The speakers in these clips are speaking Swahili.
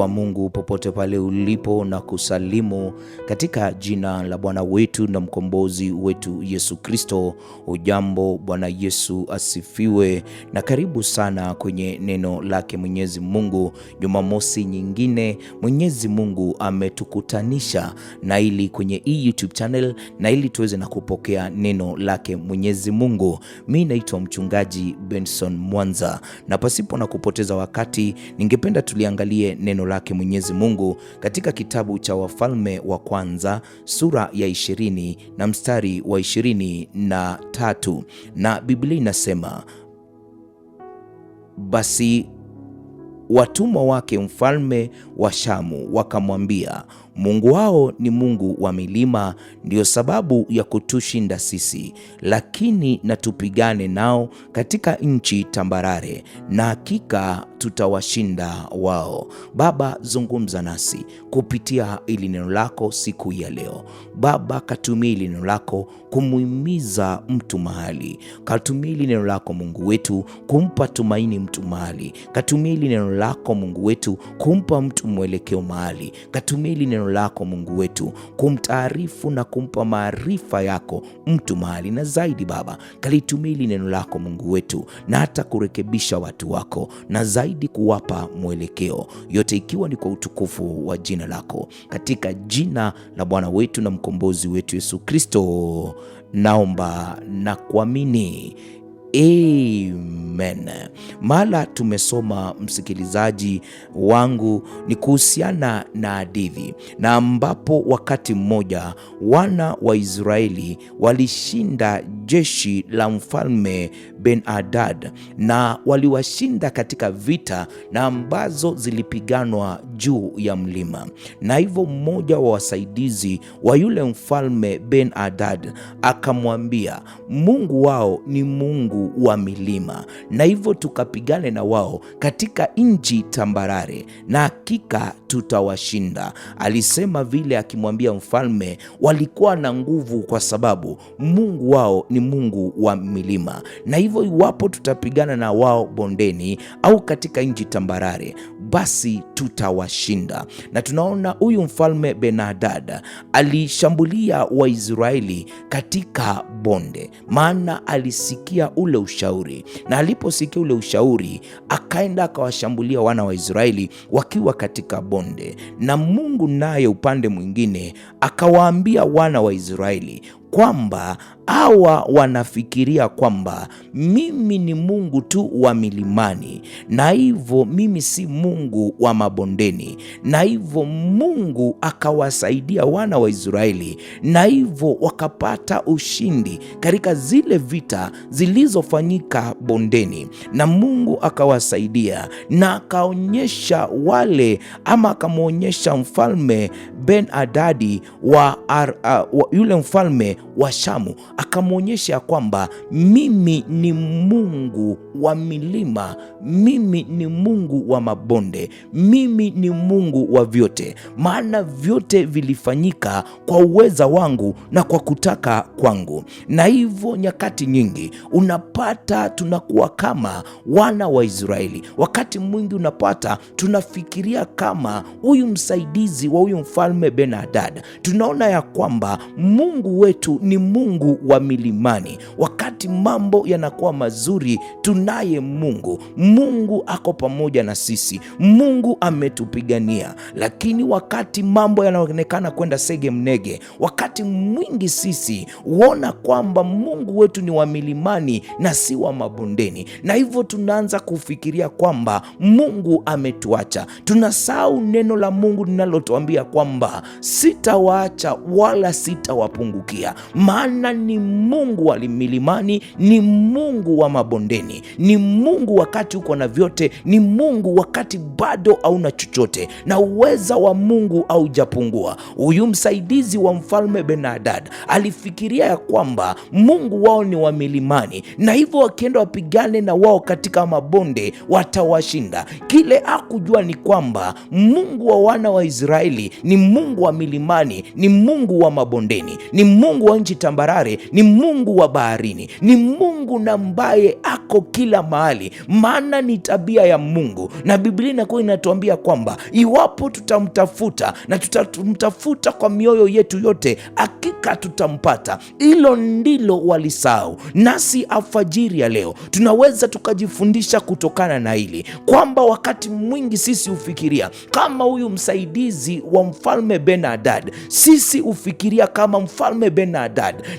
wa Mungu popote pale ulipo na kusalimu katika jina la Bwana wetu na mkombozi wetu Yesu Kristo. Ujambo, Bwana Yesu asifiwe, na karibu sana kwenye neno lake Mwenyezi Mungu. Jumamosi nyingine Mwenyezi Mungu ametukutanisha na ili kwenye hii YouTube channel na ili tuweze na kupokea neno lake Mwenyezi Mungu. Mi naitwa mchungaji Benson Mwanza, na pasipo na kupoteza wakati ningependa tuliangalie neno lake Mwenyezi Mungu katika kitabu cha Wafalme wa Kwanza sura ya 20 na mstari wa 23, na na Biblia inasema basi watumwa wake mfalme wa Shamu wakamwambia, Mungu wao ni Mungu wa milima, ndiyo sababu ya kutushinda sisi, lakini na tupigane nao katika nchi tambarare, na hakika tutawashinda wao. Baba, zungumza nasi kupitia ili neno lako siku ya leo. Baba, katumia ili neno lako kumuhimiza mtu mahali, katumia ili neno lako Mungu wetu kumpa tumaini mtu mahali, katumia ili neno lako Mungu wetu kumpa mtu mwelekeo mahali, katumia ili neno lako Mungu wetu, kumtaarifu na kumpa maarifa yako mtu mahali na zaidi. Baba, kalitumia hili neno lako Mungu wetu, na hata kurekebisha watu wako na zaidi kuwapa mwelekeo, yote ikiwa ni kwa utukufu wa jina lako, katika jina la Bwana wetu na mkombozi wetu Yesu Kristo naomba na kuamini. Amen. Mala tumesoma msikilizaji wangu, ni kuhusiana na hadithi na ambapo wakati mmoja wana wa Israeli walishinda jeshi la mfalme Ben-Hadad na waliwashinda katika vita na ambazo zilipiganwa juu ya mlima, na hivyo mmoja wa wasaidizi wa yule mfalme Ben-Hadad akamwambia Mungu wao ni Mungu juu wa milima, na hivyo tukapigane na wao katika nchi tambarare, na hakika tutawashinda. Alisema vile akimwambia mfalme, walikuwa na nguvu kwa sababu Mungu wao ni Mungu wa milima, na hivyo iwapo tutapigana na wao bondeni au katika nchi tambarare basi tutawashinda. Na tunaona huyu mfalme Benadad alishambulia Waisraeli katika bonde, maana alisikia ule ule ushauri, na aliposikia ule ushauri akaenda akawashambulia wana wa Israeli wakiwa katika bonde, na Mungu naye upande mwingine akawaambia wana wa Israeli kwamba hawa wanafikiria kwamba mimi ni Mungu tu wa milimani, na hivyo mimi si Mungu wa mabondeni, na hivyo Mungu akawasaidia wana wa Israeli, na hivyo wakapata ushindi katika zile vita zilizofanyika bondeni, na Mungu akawasaidia na akaonyesha wale ama akamwonyesha mfalme Ben Adadi wa, ar, uh, wa yule mfalme wa Shamu akamwonyesha ya kwamba mimi ni Mungu wa milima, mimi ni Mungu wa mabonde, mimi ni Mungu wa vyote, maana vyote vilifanyika kwa uweza wangu na kwa kutaka kwangu. Na hivyo nyakati nyingi unapata tunakuwa kama wana wa Israeli, wakati mwingi unapata tunafikiria kama huyu msaidizi wa huyu mfalme Benhadad, tunaona ya kwamba Mungu wetu wetu ni Mungu wa milimani. Wakati mambo yanakuwa mazuri, tunaye Mungu. Mungu ako pamoja na sisi, Mungu ametupigania. Lakini wakati mambo yanaonekana kwenda sege mnege, wakati mwingi sisi huona kwamba Mungu wetu ni wa milimani na si wa mabondeni, na hivyo tunaanza kufikiria kwamba Mungu ametuacha. Tunasahau neno la Mungu linalotuambia kwamba sitawaacha wala sitawapungukia maana ni Mungu wa milimani, ni Mungu wa mabondeni, ni Mungu wakati uko na vyote, ni Mungu wakati bado hauna chochote, na uweza wa Mungu haujapungua. Huyu msaidizi wa mfalme Benadad alifikiria ya kwamba Mungu wao ni wa milimani, na hivyo wakienda wapigane na wao katika mabonde watawashinda. Kile hakujua ni kwamba Mungu wa wana wa Israeli ni Mungu wa milimani, ni Mungu wa mabondeni, ni Mungu wa nchi tambarare, ni Mungu wa baharini, ni Mungu na ambaye ako kila mahali, maana ni tabia ya Mungu. Na Biblia inakuwa inatuambia kwamba iwapo tutamtafuta na tutamtafuta kwa mioyo yetu yote, hakika tutampata. Hilo ndilo walisahau, nasi alfajiri ya leo tunaweza tukajifundisha kutokana na hili kwamba wakati mwingi sisi hufikiria kama huyu msaidizi wa mfalme Ben sisi hufikiria kama mfalme na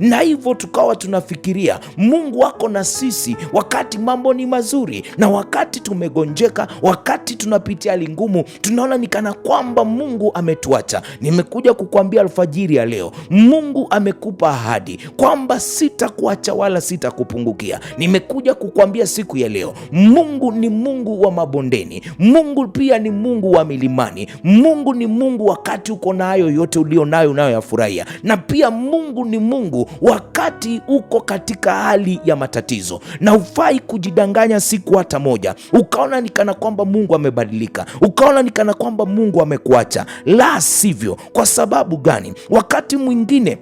Na hivyo tukawa tunafikiria Mungu wako na sisi wakati mambo ni mazuri na wakati tumegonjeka, wakati tunapitia hali ngumu, tunaona ni kana kwamba Mungu ametuacha. Nimekuja kukuambia alfajiri ya leo, Mungu amekupa ahadi kwamba sitakuacha wala sitakupungukia. Nimekuja kukuambia siku ya leo, Mungu ni Mungu wa mabondeni, Mungu pia ni Mungu wa milimani, Mungu ni Mungu wakati uko na hayo yote ulionayo unayoyafurahia, na pia Mungu Mungu ni Mungu wakati uko katika hali ya matatizo, na ufai kujidanganya siku hata moja, ukaona ni kana kwamba Mungu amebadilika, ukaona ni kana kwamba Mungu amekuacha. La sivyo. Kwa sababu gani? Wakati mwingine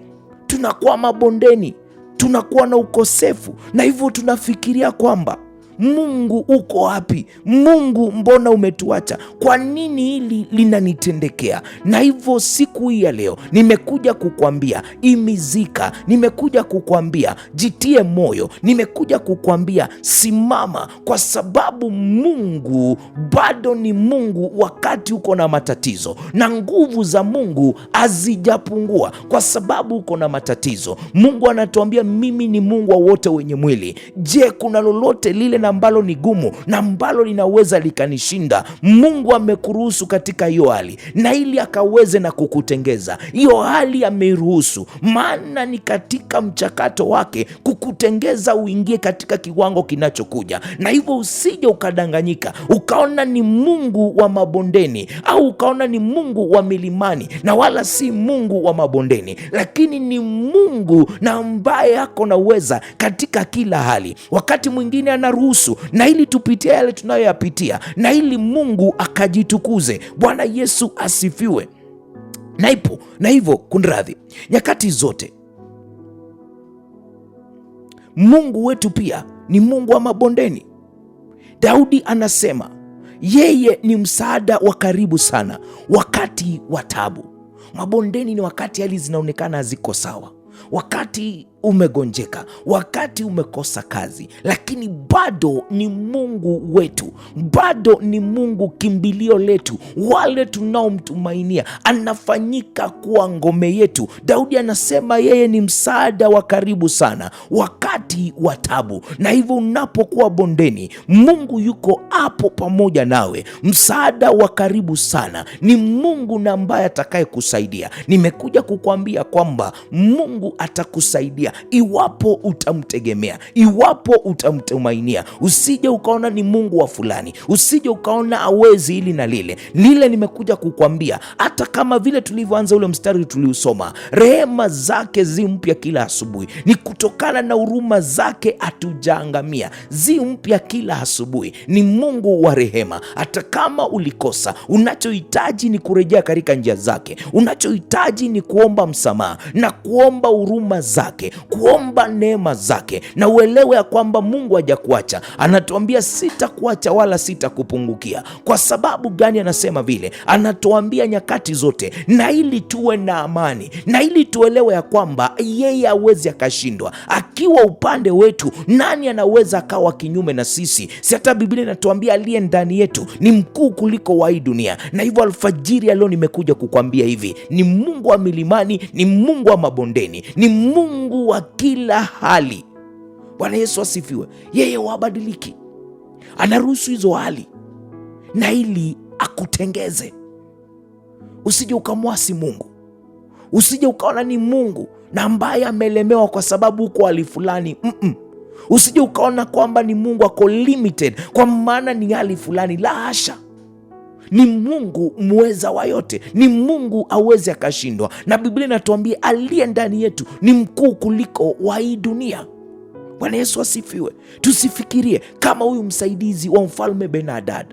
tunakuwa mabondeni, tunakuwa na ukosefu, na hivyo tunafikiria kwamba Mungu uko wapi? Mungu mbona umetuacha? Kwa nini hili linanitendekea? Na hivyo siku hii ya leo nimekuja kukwambia imizika, nimekuja kukwambia jitie moyo, nimekuja kukwambia simama, kwa sababu Mungu bado ni Mungu wakati uko na matatizo, na nguvu za Mungu hazijapungua kwa sababu uko na matatizo. Mungu anatuambia mimi ni Mungu wa wote wenye mwili. Je, kuna lolote lile na ambalo ni gumu na ambalo linaweza likanishinda, Mungu amekuruhusu katika hiyo hali, na ili akaweze na kukutengeza. Hiyo hali ameiruhusu, maana ni katika mchakato wake kukutengeza uingie katika kiwango kinachokuja, na hivyo usije ukadanganyika ukaona ni Mungu wa mabondeni au ukaona ni Mungu wa milimani, na wala si Mungu wa mabondeni, lakini ni Mungu na ambaye ako na uweza katika kila hali. Wakati mwingine anaruhusu kuhusu na ili tupitie yale tunayoyapitia na ili Mungu akajitukuze. Bwana Yesu asifiwe. Na hipo na hivyo kunradhi, nyakati zote Mungu wetu pia ni Mungu wa mabondeni. Daudi anasema yeye ni msaada wa karibu sana wakati wa tabu. Mabondeni ni wakati hali zinaonekana haziko sawa, wakati umegonjeka, wakati umekosa kazi, lakini bado ni Mungu wetu, bado ni Mungu kimbilio letu, wale tunaomtumainia. Anafanyika kuwa ngome yetu. Daudi anasema yeye ni msaada wa karibu sana wakati wa tabu, na hivyo unapokuwa bondeni, Mungu yuko hapo pamoja nawe, msaada wa karibu sana. Ni Mungu na ambaye atakayekusaidia. Nimekuja kukuambia kwamba Mungu atakusaidia iwapo utamtegemea, iwapo utamtumainia. Usije ukaona ni Mungu wa fulani, usije ukaona awezi hili na lile lile. Nimekuja kukwambia, hata kama vile tulivyoanza ule mstari tuliusoma, rehema zake zi mpya kila asubuhi, ni kutokana na huruma zake hatujaangamia. Zi mpya kila asubuhi, ni Mungu wa rehema. Hata kama ulikosa, unachohitaji ni kurejea katika njia zake, unachohitaji ni kuomba msamaha na kuomba huruma zake kuomba neema zake, na uelewe ya kwamba Mungu hajakuacha. Anatuambia sitakuacha wala sitakupungukia. Kwa sababu gani anasema vile? Anatuambia nyakati zote, na ili tuwe na amani, na ili tuelewe ya kwamba yeye hawezi akashindwa. Akiwa upande wetu, nani anaweza akawa kinyume na sisi? Si hata Biblia inatuambia aliye ndani yetu ni mkuu kuliko wa hii dunia. Na hivyo alfajiri ya leo nimekuja kukwambia hivi, ni Mungu wa milimani, ni Mungu wa mabondeni, ni Mungu Mungu kila hali. Bwana Yesu asifiwe. Yeye wabadiliki, anaruhusu hizo hali na ili akutengeze. Usije ukamwasi Mungu, usije ukaona ni Mungu na ambaye amelemewa kwa sababu huko hali fulani mm -mm. Usije ukaona kwamba ni Mungu ako limited kwa maana ni hali fulani, la hasha ni Mungu mweza wa yote, ni Mungu aweze akashindwa, na Biblia inatuambia aliye ndani yetu ni mkuu kuliko wa hii dunia. Bwana Yesu asifiwe. Tusifikirie kama huyu msaidizi wa mfalme Benadad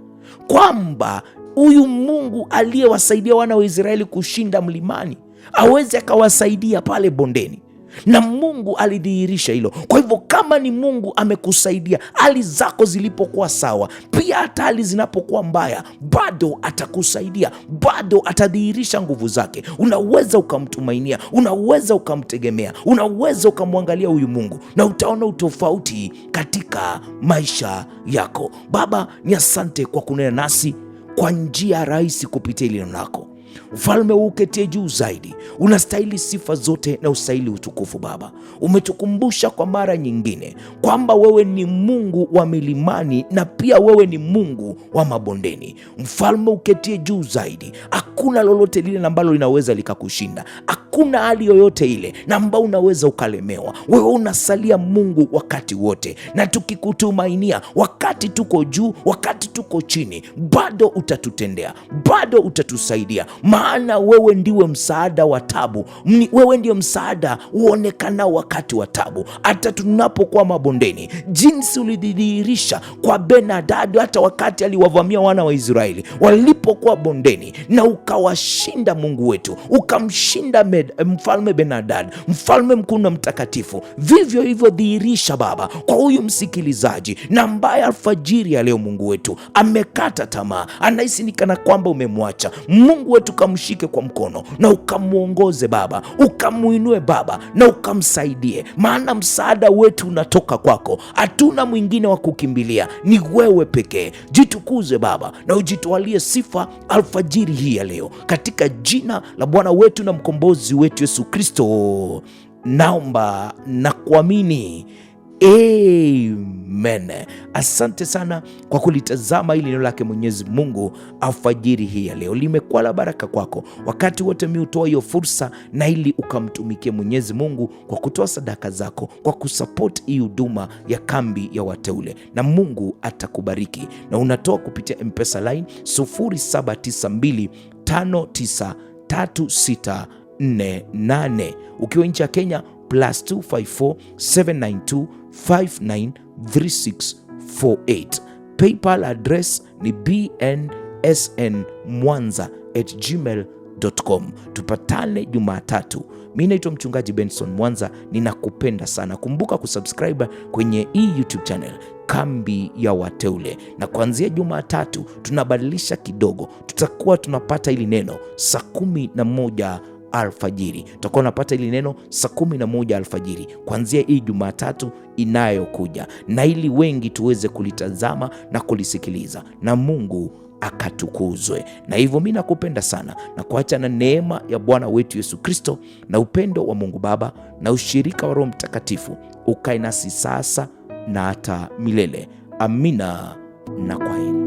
kwamba huyu Mungu aliyewasaidia wana wa Israeli kushinda mlimani aweze akawasaidia pale bondeni na Mungu alidhihirisha hilo. Kwa hivyo kama ni Mungu amekusaidia hali zako zilipokuwa sawa, pia hata hali zinapokuwa mbaya, bado atakusaidia, bado atadhihirisha nguvu zake. Unaweza ukamtumainia, unaweza ukamtegemea, unaweza ukamwangalia huyu Mungu na utaona utofauti katika maisha yako. Baba, ni asante kwa kunena nasi kwa njia rahisi kupitia hili neno lako. Ufalme huuketie uketie juu zaidi Unastahili sifa zote na ustahili utukufu Baba. Umetukumbusha kwa mara nyingine kwamba wewe ni Mungu wa milimani na pia wewe ni Mungu wa mabondeni, mfalme uketie juu zaidi. Hakuna lolote lile ambalo linaweza likakushinda, hakuna hali yoyote ile na ambao unaweza ukalemewa. Wewe unasalia Mungu wakati wote, na tukikutumainia wakati tuko juu, wakati tuko chini, bado utatutendea, bado utatusaidia, maana wewe ndiwe msaada wa tabu. Wewe ndio msaada uonekanao wakati wa tabu, hata tunapokuwa mabondeni, jinsi ulidhihirisha kwa Benadadi hata wakati aliwavamia wana wa Israeli walipokuwa bondeni, na ukawashinda Mungu wetu, ukamshinda mfalme Benadadi, mfalme mkuu na mtakatifu. Vivyo hivyo dhihirisha Baba kwa huyu msikilizaji na ambaye alfajiri ya leo Mungu wetu amekata tamaa, anahisi ni kana kwamba umemwacha Mungu wetu, kamshike kwa mkono na ukamu ukamuongoze Baba, ukamwinue Baba na ukamsaidie, maana msaada wetu unatoka kwako. Hatuna mwingine wa kukimbilia, ni wewe pekee. Jitukuze Baba na ujitwalie sifa alfajiri hii ya leo, katika jina la Bwana wetu na mkombozi wetu Yesu Kristo naomba na kuamini. Amen. Asante sana kwa kulitazama hili neno lake Mwenyezi Mungu alfajiri hii ya leo, limekuwa la baraka kwako. Wakati wote mi utoa hiyo fursa na ili ukamtumikia Mwenyezi Mungu kwa kutoa sadaka zako, kwa kusapoti hii huduma ya kambi ya wateule, na Mungu atakubariki. Na unatoa kupitia mpesa line 0792 ukiwa nchi ya Kenya plus 254 792 593648. PayPal address ni bnsn mwanza at gmail.com. Tupatane Jumatatu. Mi naitwa mchungaji Benson Mwanza, ninakupenda sana. Kumbuka kusubscribe kwenye hii YouTube channel Kambi ya Wateule, na kuanzia Jumatatu tunabadilisha kidogo, tutakuwa tunapata hili neno saa kumi na moja alfajiri. Utakuwa unapata hili neno saa kumi na moja alfajiri kuanzia hii Jumatatu inayokuja, na ili wengi tuweze kulitazama na kulisikiliza, na Mungu akatukuzwe. Na hivyo mi nakupenda sana na kuacha na neema ya Bwana wetu Yesu Kristo na upendo wa Mungu Baba na ushirika wa Roho Mtakatifu ukae nasi sasa na hata milele. Amina na kwaheri.